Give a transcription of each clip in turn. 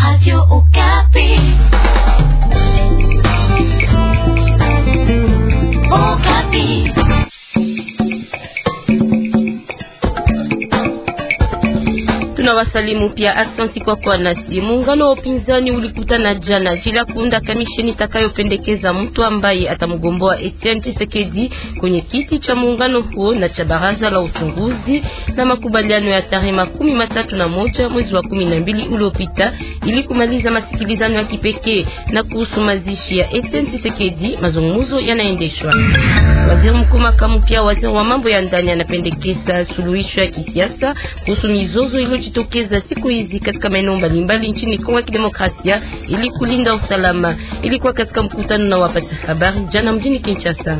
Radio Okapi. wasalimu pia aksanti kwa kwa nasi. Muungano wa upinzani ulikutana jana jila kuunda kamisheni itakayopendekeza mtu ambaye atamgomboa Etienne Tshisekedi kwenye kiti cha muungano huo na cha baraza la uchunguzi, na makubaliano ya tarehe makumi matatu na moja mwezi wa kumi na mbili uliopita ili kumaliza masikilizano ya kipekee. Na kuhusu mazishi ya Etienne Tshisekedi, mazungumzo yanaendeshwa. Waziri mkuu makamu pia waziri wa mambo ya ndani anapendekeza suluhisho ya kisiasa kuhusu mizozo iliyojitokeza kujitokeza siku hizi katika maeneo mbalimbali nchini Kongo ya Kidemokrasia ili kulinda usalama. Ilikuwa katika mkutano na wapasha habari jana mjini Kinshasa.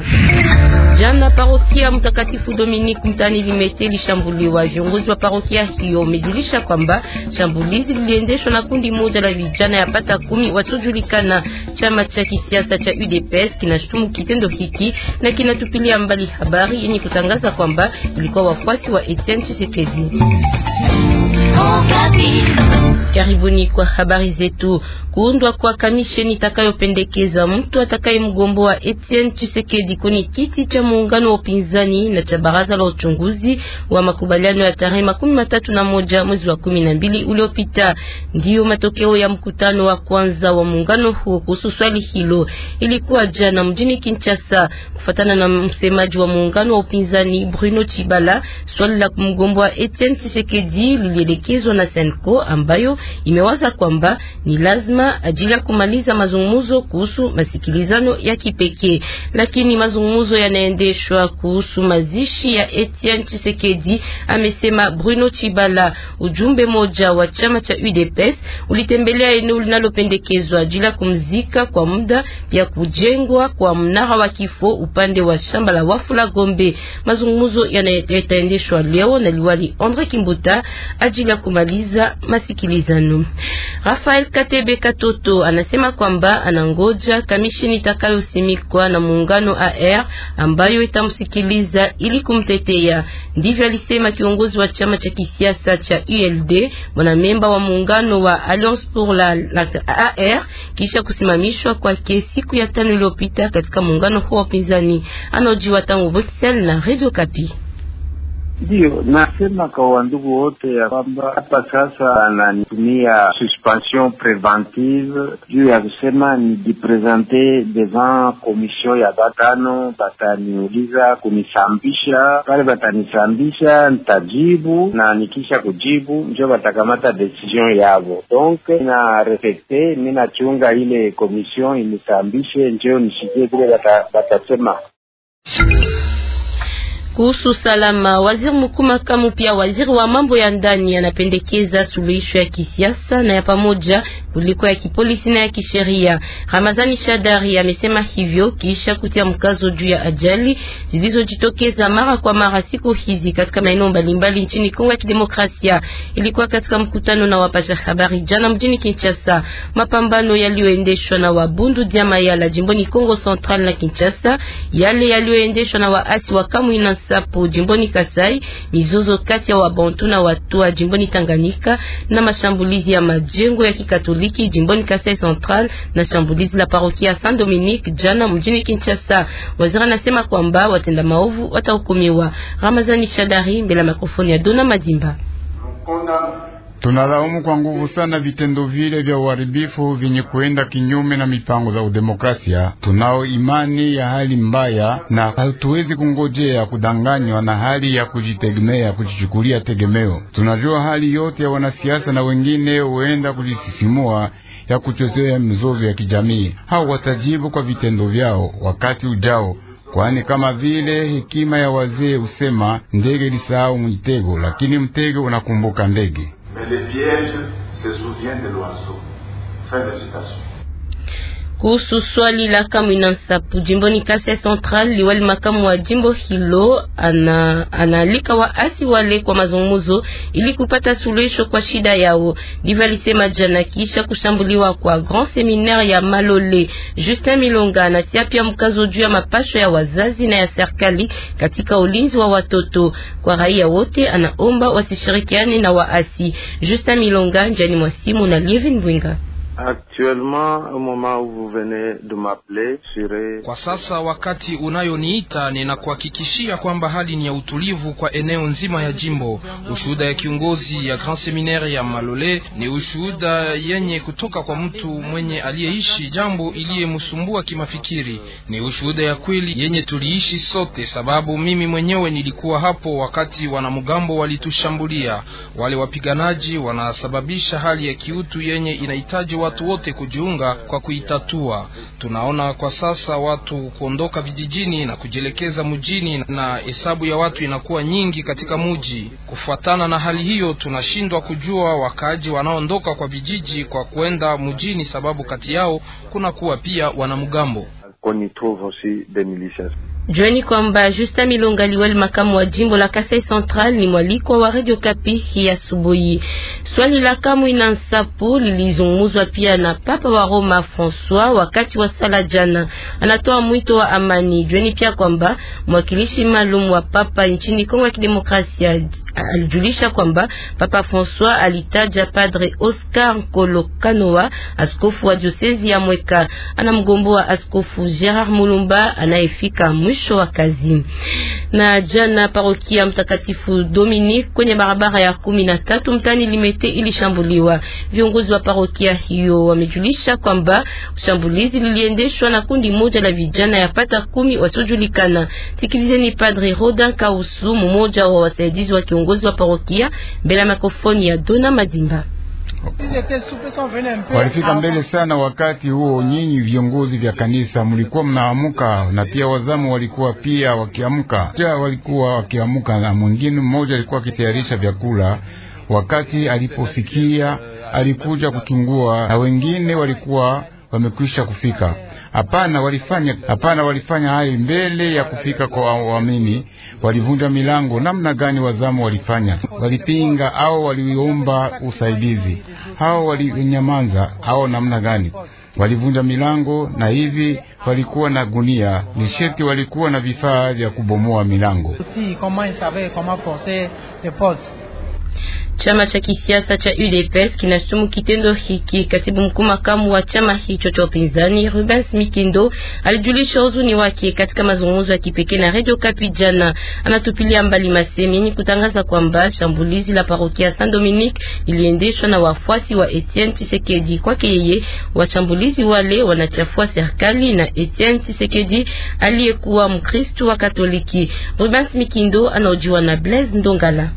Jana parokia Mtakatifu Dominique mtani Limete ilishambuliwa. Viongozi wa parokia hiyo wamejulisha kwamba shambulizi liliendeshwa na kundi moja la vijana ya pata kumi wasiojulikana. Chama cha kisiasa cha UDPS kinashutumu kitendo hiki na kinatupilia mbali habari yenye kutangaza kwamba ilikuwa wafuasi wa Etienne Tshisekedi. Okapi. Karibuni kwa habari zetu. Kuundwa kwa kamisheni itakayopendekeza mtu atakayemgomboa Etienne Tshisekedi kwenye kiti cha muungano wa upinzani na cha baraza la uchunguzi wa makubaliano ya tarehe makumi matatu na moja mwezi wa kumi na mbili uliopita, ndiyo matokeo ya mkutano wa kwanza wa muungano huo kuhusu swali hilo, ilikuwa jana mjini Kinshasa. Kufatana na msemaji wa muungano wa upinzani Bruno Chibala, swali la kumgomboa Etienne Tshisekedi lilielekezwa na Senko ambayo imewaza kwamba ni lazima ajili ya kumaliza mazungumzo kuhusu masikilizano ya kipekee, lakini mazungumzo yanaendeshwa kuhusu mazishi ya Etienne Tshisekedi, amesema Bruno Chibala. Ujumbe moja wa chama cha UDPS ulitembelea eneo linalopendekezwa ajili ya kumzika kwa muda, pia kujengwa kwa mnara wa kifo upande wa shamba la wafu la Gombe. Mazungumzo yanaendeshwa leo na liwali Andre Kimbuta ajili ya kumaliza masikilizano mapigano. Rafael Katebe Katoto anasema kwamba anangoja kamishini itakayosimikwa na muungano AR ambayo itamsikiliza ili kumtetea. Ndivyo alisema kiongozi wa chama cha kisiasa cha ULD mwana memba wa muungano wa Alliance pour la, la AR kisha kusimamishwa kwake siku ya tano iliyopita katika muungano huo wa upinzani. Anaojiwa tangu Bruxelles na Radio Kapi. Ndiyo, nasema kwa wandugu wote ya kwamba hapa sasa ananitumia suspension preventive juu ya kusema nijipresente devant komision ya batano, bataniuliza kunisambisha pale, batanisambisha nitajibu, na nikisha kujibu njo batakamata decision yavo. Donc na respekte mi nachunga ile komision inisambishe, njo nishikie vile batasema bata kuhusu salama, waziri mkuu makamu pia waziri wa mambo ya ndani anapendekeza suluhisho ya kisiasa na ya pamoja kuliko ya kipolisi na ya kisheria. Ramazani Shadari amesema hivyo kisha kutia mkazo juu ya ajali zilizojitokeza mara kwa mara siku hizi katika maeneo mbalimbali nchini Kongo ya Kidemokrasia. Ilikuwa katika mkutano na wapasha habari jana mjini Kinshasa, mapambano yaliyoendeshwa na wabundu Diamayala jimboni Kongo Central na Kinshasa, yale yaliyoendeshwa na waasi wa Kamwina Sapo jimboni Kasai, mizozo kati ya Wabantu na Watua jimboni Tanganyika, na mashambulizi ya majengo ya Kikatoliki jimboni Kasai Central na shambulizi la parokia Saint Dominique jana mjini Kinshasa. Waziri anasema kwamba watenda maovu watahukumiwa. Ramazani Shadari mbele ya mikrofoni ya Dona Madimba. Tunalaumu kwa nguvu sana vitendo vile vya uharibifu vyenye kuenda kinyume na mipango za udemokrasia. Tunao imani ya hali mbaya na hatuwezi kungojea kudanganywa na hali ya kujitegemea, kujichukulia tegemeo. Tunajua hali yote ya wanasiasa na wengine huenda kujisisimua ya kuchochea mizozo ya kijamii. Hao watajibu kwa vitendo vyao wakati ujao. Kwani kama vile hekima ya wazee usema, ndege lisahau mtego, lakini mtego unakumbuka ndege. mais le piège se souvient de l'oiseau. Fin de citation. Kuhusu swali la Kamwina Nsapu jimboni Kasai Central, liwali makamu wa jimbo hilo anaalika wa waasi wale kwa mazungumzo ili kupata suluhisho kwa shida yao. Ndivyo alisema jana kisha kushambuliwa kwa Grand Seminaire ya Malole. Justin Milonga anatia pia mkazo juu ya mapasho ya wazazi na ya serikali katika ulinzi wa watoto kwa raia wote. Anaomba wasishirikiane na waasi. Justin Milonga, njani mwasimu na Lievin Bwinga. Actuellement, au moment où vous venez de m'appeler, Kwa sasa wakati unayoniita ninakuhakikishia kwamba hali ni ya utulivu kwa eneo nzima ya jimbo. Ushuhuda ya kiongozi ya Grand Seminaire ya Malole ni ushuhuda yenye kutoka kwa mtu mwenye aliyeishi jambo iliyemsumbua kimafikiri. Ni ushuhuda ya kweli yenye tuliishi sote, sababu mimi mwenyewe nilikuwa hapo wakati wanamgambo walitushambulia. Wale wapiganaji wanasababisha hali ya kiutu yenye inahitaji wa watu wote kujiunga kwa kuitatua. Tunaona kwa sasa watu kuondoka vijijini na kujielekeza mjini, na hesabu ya watu inakuwa nyingi katika mji. Kufuatana na hali hiyo, tunashindwa kujua wakaaji wanaoondoka kwa vijiji kwa kuenda mjini, sababu kati yao kuna kuwa pia wanamgambo. Jueni kwamba Justin Milonga Liwel, makamu wa jimbo la Kasai Central, ni mwalikwa wa Radio Kapi hii asubuhi. Swali la Kamwina Nsapu lilizungumzwa pia na Papa wa Roma François wakati wa sala jana. Anatoa mwito wa amani. Jueni pia kwamba mwakilishi maalum wa Papa nchini Kongo ya Kidemokrasia alijulisha kwamba Papa François alitaja Padre Oscar Nkolo Kanoa, askofu wa diosezi ya Mweka. Anamgomboa askofu Gerard Mulumba anayefika mwisho wa kazi. Na jana parokia Mtakatifu Dominique kwenye barabara ya kumi na tatu mtani lime yote ilishambuliwa. Viongozi wa parokia hiyo wamejulisha kwamba shambulizi liliendeshwa na kundi moja la vijana ya pata kumi wasiojulikana. Sikilizeni Padre Rodan Kausu, mmoja wa wasaidizi wa kiongozi wa parokia, mbele ya mikrofoni ya Dona Madimba. Walifika mbele sana. Wakati huo nyinyi viongozi vya kanisa mlikuwa mnaamuka, na pia wazamu walikuwa pia wakiamuka, walikuwa wakiamuka, na mwingine mmoja alikuwa akitayarisha vyakula Wakati aliposikia alikuja kuchungua, na wengine walikuwa wamekwisha kufika. Hapana, walifanya hapana, walifanya hayo mbele ya kufika kwa waamini. Walivunja milango. Namna gani wazamu walifanya? Walipinga au waliomba usaidizi? Hao walinyamaza au namna gani? Walivunja milango, na hivi walikuwa na gunia nisheti, walikuwa na vifaa vya kubomoa milango. Chama cha kisiasa cha UDPS kinashutumu kitendo hiki. Katibu mkuu makamu wa chama hicho cha upinzani Rubens Mikindo alijulisha huzuni wake katika mazungumzo ya kipekee na Radio Kapi jana. Anatupilia mbali masemi yenye kutangaza kwamba shambulizi la parokia San Dominique iliendeshwa na wafuasi wa Etienne Tshisekedi. Kwake yeye, washambulizi wale wanachafua serikali na Etienne Tshisekedi aliyekuwa Mkristo wa Katoliki. Rubens Mikindo anaojiwa na Blaise Ndongala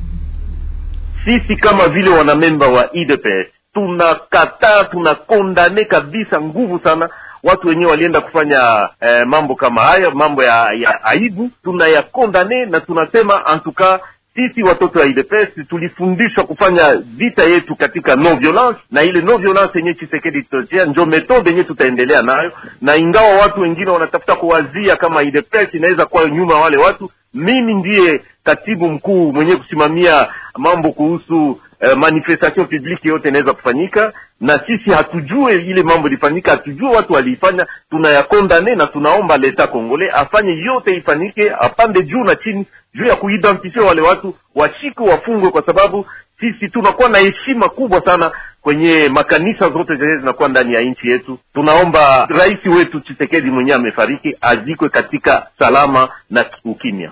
sisi kama vile wanamemba wa IDPS tunakataa, tunakondane kabisa nguvu sana watu wenyewe walienda kufanya eh, mambo kama haya, mambo ya, ya aibu tunayakondane, na tunasema antuka sisi watoto wa IDPS tulifundishwa kufanya vita yetu katika no violence, na ile no violence yenye Chisekedi tochea njo metode yenye tutaendelea nayo, na ingawa watu wengine wanatafuta kuwazia kama IDPS inaweza kuwa nyuma wale watu mimi ndiye katibu mkuu mwenyewe kusimamia mambo kuhusu eh, manifestation publique yote inaweza kufanyika, na sisi hatujue ile mambo ilifanyika, hatujue watu waliifanya. Tunayakondane na tunaomba leta Kongole afanye yote ifanyike, apande juu na chini juu ya kuidentifia wale watu, washike wafungwe, kwa sababu sisi tunakuwa na heshima kubwa sana kwenye makanisa zote zenye zinakuwa ndani ya nchi yetu. Tunaomba rais wetu Chisekedi mwenyewe amefariki, azikwe katika salama na ukimya.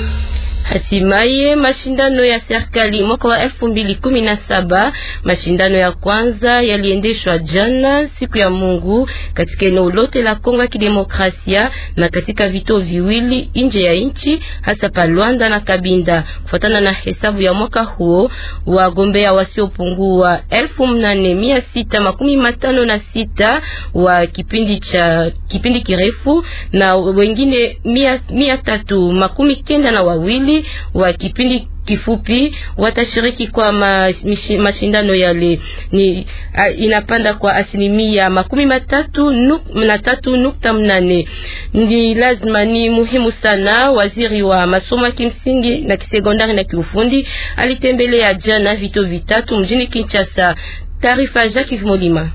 Hatimaye mashindano ya serikali mwaka wa 2017, mashindano ya kwanza yaliendeshwa jana siku ya Mungu katika eneo lote la Kongo ya Kidemokrasia na katika vituo viwili nje ya nchi hasa pa Luanda na Kabinda. Kufuatana na hesabu ya mwaka huo, wagombea wasiopungua elfu na sita wa kipindi cha kipindi kirefu na wengine mia, makumi kenda na wawili wa kipindi kifupi watashiriki kwa mashindano yale. Ni a, inapanda kwa asilimia makumi matatu nuk, na tatu nukta mnane. Ni lazima ni muhimu sana. Waziri wa masomo ya kimsingi na kisekondari na kiufundi alitembelea jana vito vitatu mjini Kinshasa. Taarifa Jacques Molima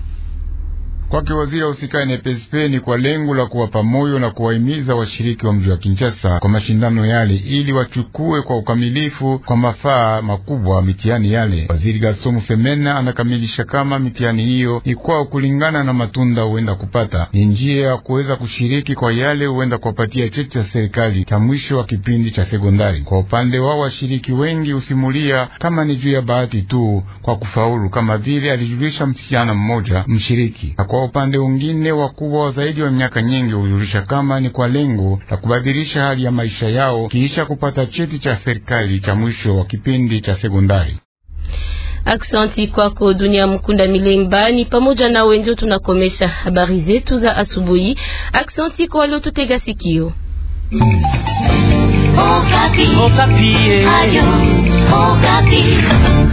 kwake waziri usikae nepesipeni kwa lengo la kuwapa moyo na kuwahimiza washiriki wa mji wa Kinshasa kwa mashindano yale ili wachukue kwa ukamilifu kwa mafaa makubwa mitihani yale. Waziri Gasomu Semena anakamilisha kama mitihani hiyo ikwao kulingana na matunda huenda kupata ni njia ya kuweza kushiriki kwa yale huenda kuwapatia cheti cha serikali cha mwisho wa kipindi cha sekondari. Kwa upande wao washiriki wengi husimulia kama ni juu ya bahati tu kwa kufaulu, kama vile alijulisha msichana mmoja mshiriki na kwa upande ungine wakubwa zaidi wa miaka nyingi hujulisha kama ni kwa lengo la kubadilisha hali ya maisha yao kiisha kupata cheti cha serikali cha mwisho wa kipindi cha sekondari. Aksanti kwako Dunia Mkunda Milembani, pamoja na wenzio tunakomesha habari zetu za asubuhi. Aksanti kwa waliotutega sikio. Okapi. Okapi. Eh. Ayo. Okapi.